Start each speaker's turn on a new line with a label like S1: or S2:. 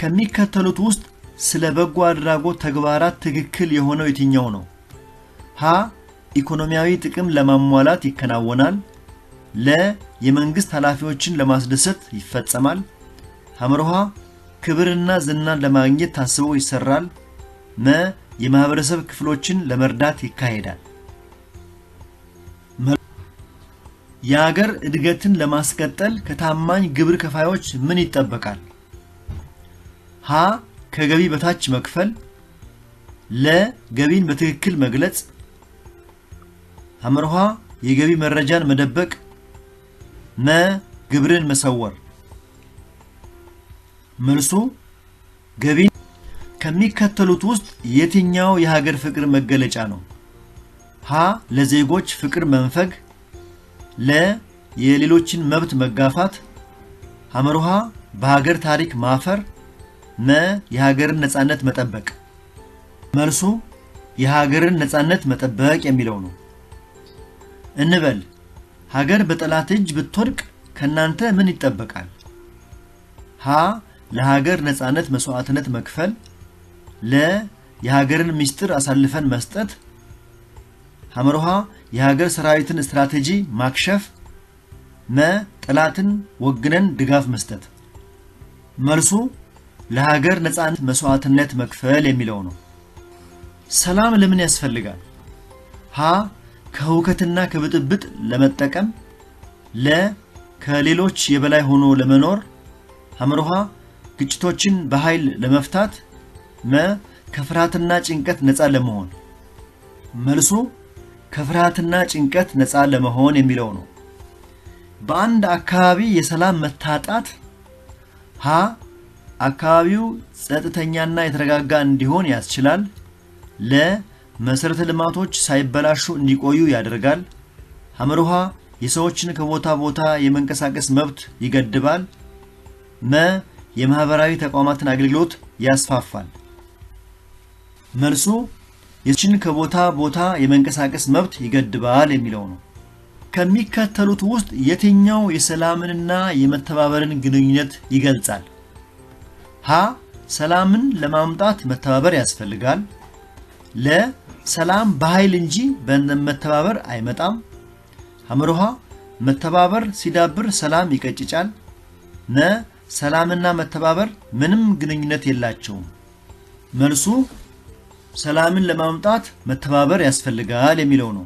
S1: ከሚከተሉት ውስጥ ስለ በጎ አድራጎት ተግባራት ትክክል የሆነው የትኛው ነው? ሀ. ኢኮኖሚያዊ ጥቅም ለማሟላት ይከናወናል። ለ. የመንግሥት ኃላፊዎችን ለማስደሰት ይፈጸማል። ሐ. ክብርና ዝናን ለማግኘት ታስቦ ይሠራል። መ. የማኅበረሰብ ክፍሎችን ለመርዳት ይካሄዳል። የአገር እድገትን ለማስቀጠል ከታማኝ ግብር ከፋዮች ምን ይጠበቃል? ሀ ከገቢ በታች መክፈል፣ ለ ገቢን በትክክል መግለጽ፣ አምርሃ የገቢ መረጃን መደበቅ፣ መ ግብርን መሰወር። መልሱ ገቢን ከሚከተሉት ውስጥ የትኛው የሀገር ፍቅር መገለጫ ነው? ሀ ለዜጎች ፍቅር መንፈግ፣ ለ የሌሎችን መብት መጋፋት፣ አምርሃ በሀገር ታሪክ ማፈር መ የሀገርን ነጻነት መጠበቅ። መልሱ የሀገርን ነጻነት መጠበቅ የሚለው ነው። እንበል ሀገር በጠላት እጅ ብትወድቅ ከእናንተ ምን ይጠበቃል? ሀ ለሀገር ነጻነት መስዋዕትነት መክፈል፣ ለ የሀገርን ምስጢር አሳልፈን መስጠት፣ ሐመርሃ የሀገር ሰራዊትን ስትራቴጂ ማክሸፍ፣ መ ጠላትን ወግነን ድጋፍ መስጠት። መልሱ ለሀገር ነፃነት መስዋዕትነት መክፈል የሚለው ነው። ሰላም ለምን ያስፈልጋል? ሀ ከሁከትና ከብጥብጥ ለመጠቀም፣ ለ ከሌሎች የበላይ ሆኖ ለመኖር፣ አምርሃ ግጭቶችን በኃይል ለመፍታት፣ መ ከፍርሃትና ጭንቀት ነፃ ለመሆን። መልሱ ከፍርሃትና ጭንቀት ነፃ ለመሆን የሚለው ነው። በአንድ አካባቢ የሰላም መታጣት ሀ አካባቢው ጸጥተኛና የተረጋጋ እንዲሆን ያስችላል። ለ መሰረተ ልማቶች ሳይበላሹ እንዲቆዩ ያደርጋል። ሐመርሃ የሰዎችን ከቦታ ቦታ የመንቀሳቀስ መብት ይገድባል። መ የማህበራዊ ተቋማትን አገልግሎት ያስፋፋል። መልሱ የችን ከቦታ ቦታ የመንቀሳቀስ መብት ይገድባል የሚለው ነው። ከሚከተሉት ውስጥ የትኛው የሰላምንና የመተባበርን ግንኙነት ይገልጻል? ሀ ሰላምን ለማምጣት መተባበር ያስፈልጋል። ለ ሰላም በኃይል እንጂ በመተባበር አይመጣም። ሐመርሃ መተባበር ሲዳብር ሰላም ይቀጭጫል። ነ ሰላምና መተባበር ምንም ግንኙነት የላቸውም። መልሱ ሰላምን ለማምጣት መተባበር ያስፈልጋል የሚለው ነው።